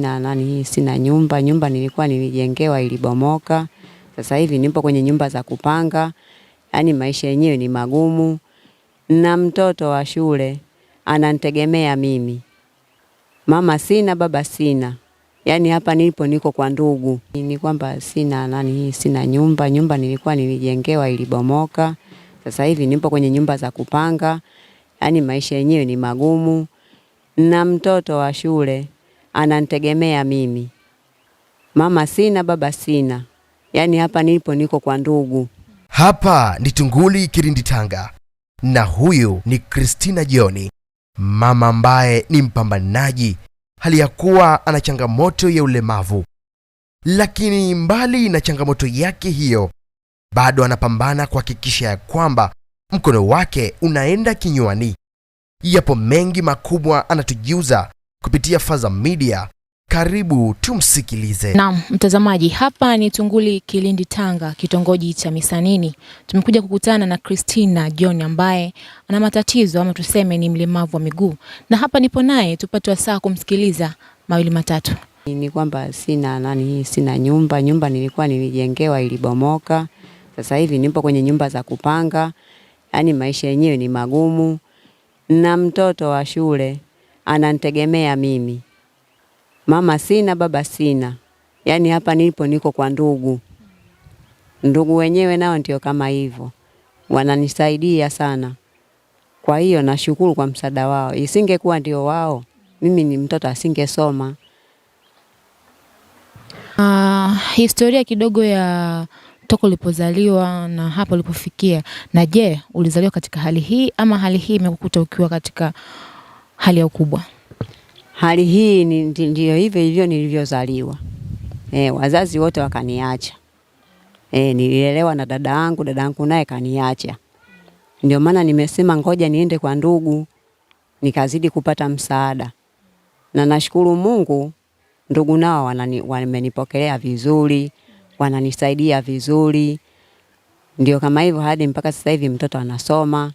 Na nani sina nyumba, nyumba nilikuwa nilijengewa ilibomoka. Sasa hivi nipo kwenye nyumba za kupanga. Yaani maisha yenyewe ni magumu. Na mtoto wa shule ananitegemea mimi. Mama sina, baba sina. Yaani hapa nilipo niko kwa ndugu. Ni kwamba sina nani sina nyumba, nyumba nilikuwa nilijengewa ilibomoka. Sasa hivi nipo kwenye nyumba za kupanga. Yaani maisha yenyewe ni magumu. Na mtoto wa shule anantegemea mimi, mama sina, baba sina, yaani hapa nipo niko kwa ndugu. Hapa ni Tunguli kirindi Tanga, na huyu ni kristina joni mama ambaye ni mpambanaji hali ya kuwa ana changamoto ya ulemavu, lakini mbali na changamoto yake hiyo, bado anapambana kuhakikisha ya kwamba mkono wake unaenda kinywani. Yapo mengi makubwa anatujiuza kupitia Faza Media. Karibu tumsikilize. Naam, mtazamaji, hapa ni Tunguli Kilindi Tanga, kitongoji cha Misanini. Tumekuja kukutana na Christina John ambaye ana matatizo ama tuseme ni mlemavu wa miguu, na hapa nipo naye tupate wasaa kumsikiliza mawili matatu. Ni kwamba sina nani, sina nyumba. Nyumba nilikuwa nilijengewa ilibomoka, sasa hivi nipo kwenye nyumba za kupanga. Yaani maisha yenyewe ni magumu, na mtoto wa shule anantegemea mimi, mama sina, baba sina. Yaani hapa nipo niko kwa ndugu, ndugu wenyewe nao ndio kama hivyo, wananisaidia sana. Kwa hiyo nashukuru kwa msaada wao, isingekuwa ndio wao, mimi ni mtoto asingesoma. Uh, historia kidogo ya toka ulipozaliwa na hapa ulipofikia. Na je, ulizaliwa katika hali hii ama hali hii imekukuta ukiwa katika hali ya ukubwa? Hali hii ndio hivyo hivyo nilivyozaliwa. E, wazazi wote wakaniacha. E, nililelewa na dada yangu, dada yangu naye kaniacha. Ndio maana nimesema ngoja niende kwa ndugu nikazidi kupata msaada, na nashukuru Mungu, ndugu nao wamenipokelea vizuri, wananisaidia vizuri, ndio kama hivyo hadi mpaka sasa hivi mtoto anasoma.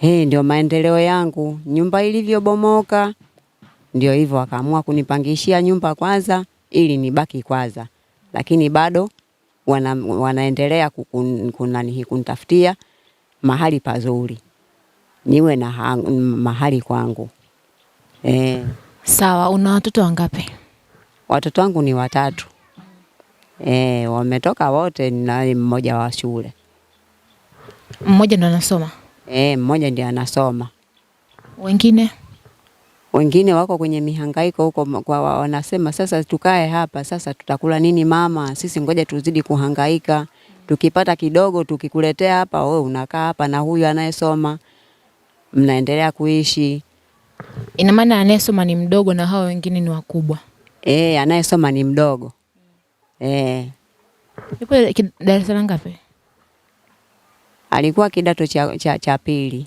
Hii ndio maendeleo yangu. Nyumba ilivyobomoka ndio hivyo, akaamua kunipangishia nyumba kwanza ili nibaki kwanza, lakini bado wana, wanaendelea kukun, kunanihi kunitafutia mahali pazuri niwe na mahali kwangu e. Sawa, una watoto wangapi? Watoto wangu ni watatu e, wametoka wote na mmoja wa shule. Mmoja ndo anasoma Eh, mmoja ndiye anasoma, wengine wengine wako kwenye mihangaiko huko, kwa wanasema sasa tukae hapa, sasa tutakula nini mama? Sisi ngoja tuzidi kuhangaika, tukipata kidogo tukikuletea hapa, wewe unakaa hapa na huyu anayesoma, mnaendelea kuishi. Ina maana anayesoma ni mdogo na hao wengine ni wakubwa. Eh, anayesoma ni mdogo. Mm. Eh, darasa la ngapi? alikuwa kidato cha, cha, cha pili,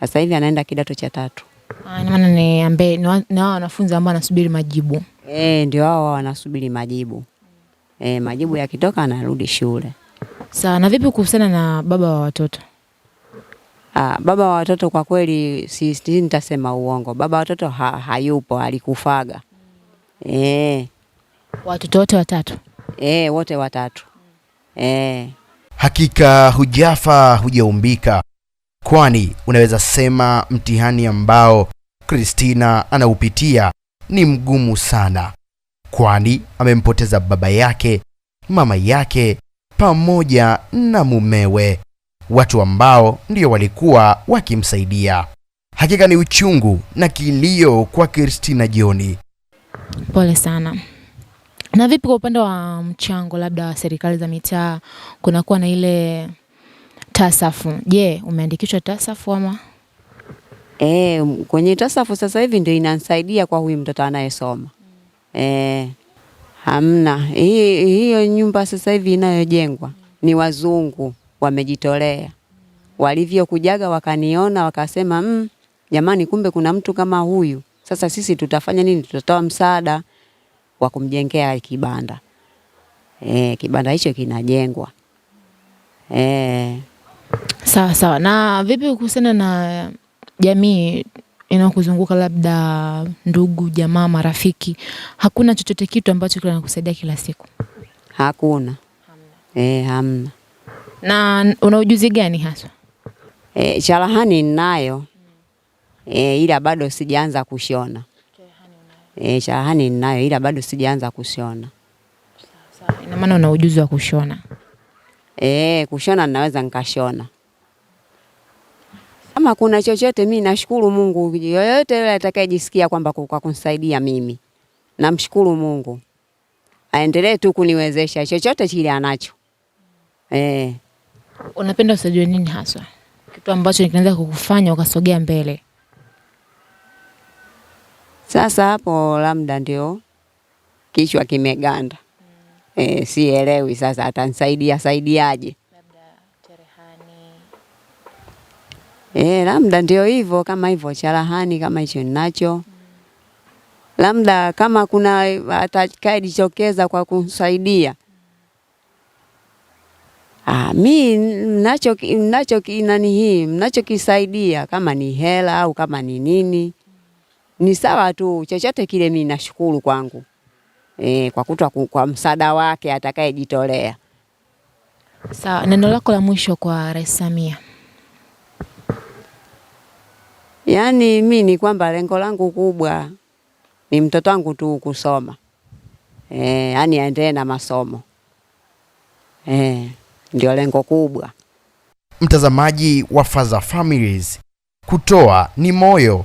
sasa hivi anaenda kidato cha tatu. Ah, ina maana ni ambe na wanafunzi ambao wanasubiri majibu e, ndio hao wanasubiri majibu e, majibu yakitoka anarudi shule. Sawa. Na vipi kuhusiana na baba wa watoto? Aa, ah, baba wa watoto kwa kweli si, si nitasema uongo, baba wa watoto ha, hayupo, alikufaga e. Watoto wote watatu e, wote watatu e. Hakika hujafa hujaumbika, kwani unaweza sema mtihani ambao kristina anaupitia ni mgumu sana, kwani amempoteza baba yake, mama yake pamoja na mumewe, watu ambao ndio walikuwa wakimsaidia. Hakika ni uchungu na kilio kwa kristina Jioni, Pole sana. Na vipi kwa upande wa mchango labda wa serikali za mitaa, kunakuwa na ile tasafu? Je, umeandikishwa tasafu ama? E, kwenye tasafu sasa hivi ndio inansaidia kwa huyu mtoto anayesoma mm. E, hamna hiyo nyumba sasa hivi inayojengwa ni wazungu wamejitolea walivyo walivyokujaga wakaniona wakasema, mmm, jamani kumbe kuna mtu kama huyu, sasa sisi tutafanya nini? Tutatoa msaada wa kumjengea kibanda e, kibanda hicho kinajengwa e. Sawa sawa. Na vipi kuhusiana na jamii inayokuzunguka labda ndugu, jamaa, marafiki? Hakuna chochote kitu ambacho kinakusaidia kila siku? Hakuna, hamna. E, hamna. Na una ujuzi gani haswa? E, cherehani ninayo. E, ila bado sijaanza kushona. E, eh, cherehani ninayo ila bado sijaanza kushona. Sawa, ina maana una ujuzi wa kushona? E, kushona ninaweza nikashona. Kama kuna chochote mimi nashukuru Mungu, yoyote yule atakayejisikia kwamba kwa kunisaidia mimi namshukuru Mungu, aendelee tu kuniwezesha chochote kile anacho. E. Unapenda usijue nini haswa kitu ambacho kinaweza kukufanya ukasogea mbele? Sasa hapo labda ndio kichwa kimeganda. Mm. E, sielewi sasa atanisaidia saidiaje? Labda eh, labda ndio hivyo kama hivyo charahani kama hicho ninacho. Mm. Labda kama kuna atakayejitokeza kwa kunsaidia. Mm. Ah, mi mnacho mnacho inani hii mnachokisaidia kama ni hela au kama ni nini ni sawa tu, chochote kile mimi nashukuru kwangu e, kwa kutwa kwa msaada wake atakayejitolea. Sawa, neno lako la mwisho kwa Rais Samia? Yaani mi ni kwamba lengo langu kubwa ni mtoto wangu tu kusoma e, yaani aendelee na masomo e, ndio lengo kubwa. Mtazamaji wa Faza Families, kutoa ni moyo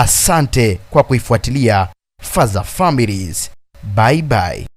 Asante kwa kuifuatilia Faza Families. Bye bye.